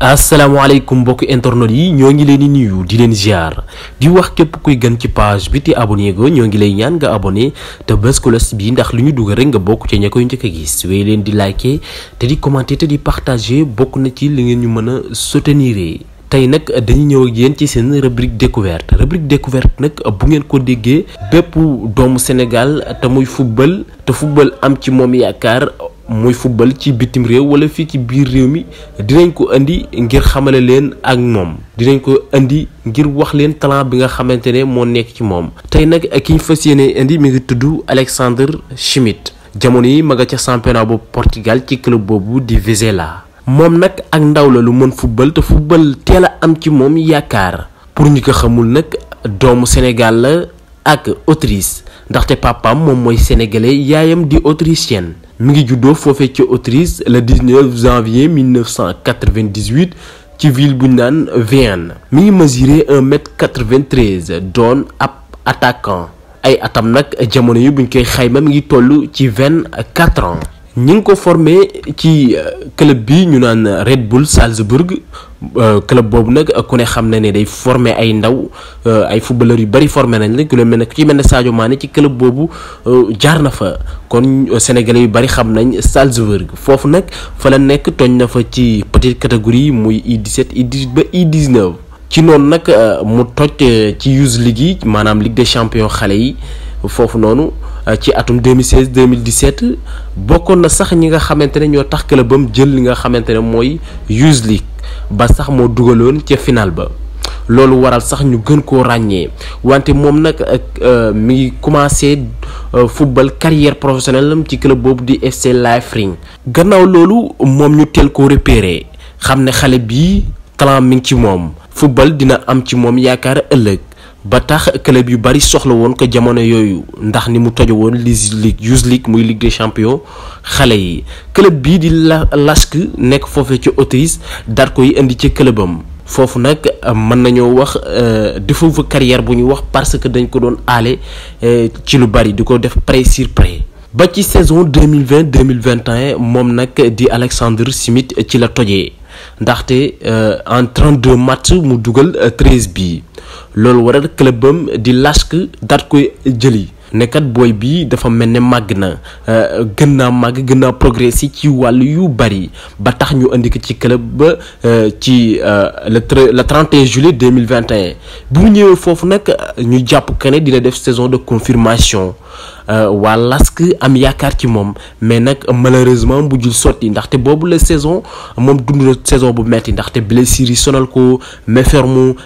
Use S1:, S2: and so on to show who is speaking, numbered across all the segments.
S1: asalaamaaleykum mbokk internet yi ñoo ngi leen di nuyu di leen ziar di wax képp kuy gën ci page bi te abonné go ñoo ngi lay ñaan nga abonné te bés kolos bi ndax lu ñu dugg rek nga bokk ci ña koy njëkk a gis wéy leen di liker te di commenter te di partager bokk na ci li ngeen ñu mën a soutenir. tey nag dañu ñëw ak ci seen rubrique découverte rubrique découverte nag bu ngeen ko déggee bépp doomu Sénégal te muy football te football am ci moom yaakaar muy football ci bitim réew wala fii ci biir réew mi dinañ ko indi ngir xamale leen ak moom dinañ ko indi ngir wax leen talent bi nga xamante ne moo nekk ci moom tey nag ak ñu fas yéene indi mi ngi tudd Alexandre Schmidt jamono yi ma nga ca championnat bu Portugal ci club boobu di Vizela moom nag ak ndaw la lu mën football te football teel a am ci moom yaakaar pour ñi ko xamul nag doomu Sénégal la ak Autriche ndaxte papaam moom mooy sénégalais yaayam di autrichienne mi ngi juddoo ci l'autrice le 19 janvier 1998 ci ville bu Vienne mi ngi mesuré 1 mètre 93 doon attaquant ay atam nag jamono yu buñ koy xayma mi ngi ci 24 ans. ñi ngi ko formé ci euh, club bi ñu naan Red Bull Salzburg euh, club boobu nag ku ne xam na ne day forme ay ndaw euh, ay footballeurs yu bari formé nañ la ku leen mel ne ku ci mel ne Sadio Mané ci club boobu jaar na fa kon sénégalais yu bari xam nañ Salzburg foofu nag fa la nekk tooñ na fa ci petite catégorie muy U17 U18 ba U19 ci noonu nag mu toj ci Youth League yi maanaam Ligue des champions xale yi. foofu noonu euh, ci atum 2016 2017 bokkoon na sax ñi nga xamante ne ñoo tax club bam jël li nga xamante ne mooy Youth League ba sax moo dugaloon ca final ba loolu waral sax ñu gën koo ràññee wante moom nag euh, mi ngi commencé euh, football carrière professionnelle am ci club boobu di FC Lifelink gannaaw loolu moom ñu teel ko repéré xam ne xale bii talent mi ngi ci moom football dina am ci moom yaakaar ëllëg ba tax club yu bari soxla woon ko jamono yooyu ndax ni mu tojo woon lis ligue youth league muy ligue des champions xale yi club bii di la LASK nekk foofee ci Autriche daal koy indi ci clubam foofu nag euh, mën nañoo wax euh, defu fa carrière bu ñu wax parce que dañ ko doon aale euh, ci lu bari di ko def prêt sur prêt ba ci saison 2020 2021 moom nag di Alexandre simit ci la tojee ndaxte euh, en 32 match mu dugal 13 euh, bi le waral club de di lask dat koy jëli. nekkat boy bi dafa un ne Magna. na euh, gën naa ci yu club le le 31 juillet 2021 bu ñëwee foofu nag ñu jàpp que ne dina saison de confirmation voilà euh, ce am yaakaar ci mom mais malheureusement soti ndax ndaxte bobu la saison mom dund la saison bu metti ndaxte blessure sonal ko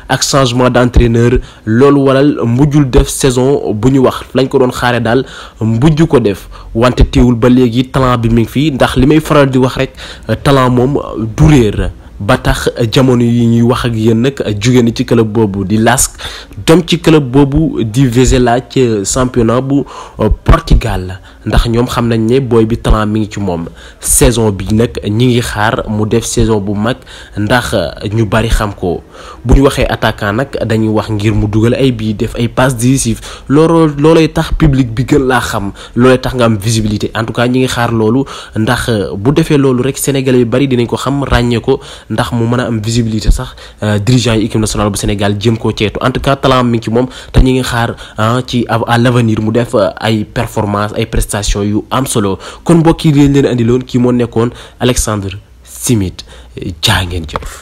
S1: ak changement d'entraîneur def saison bu ñu wax lañ ko doon xaare daal def wante ba talent bi mi ba tax jamono yi ñuy wax ak yéen nag jóge na ci club boobu di LASK dem ci club boobu di Vizela ci championnat bu euh, la ndax ñoom xam nañ ne booy bi talent mi ngi ci moom saison bi nag ñi ngi xaar mu def saison bu mag ndax ñu bari xam ko bu ñu waxee attaquant nag dañuy wax ngir mu dugal ay bii def ay passes décisives looloo loolay tax public bi gën laa xam loolay tax nga am visibilité en tout cas ñi ngi xaar loolu ndax euh, bu defee loolu rek Sénégalais yu bari dinañ ko xam ràññee ko. ndax mu mën a am visibilité sax euh, dirigeant yi équipe nationale bu Sénégal jéem koo ceetu en tout cas talent mi ngi ci moom te ñu ngi xaar ah, ci à l'avenir mu def euh, ay performance ay prestations yu am solo kon mbokk yi leen leen andiloon kii moo nekkoon Alexandre Simit jaa ngeen jëf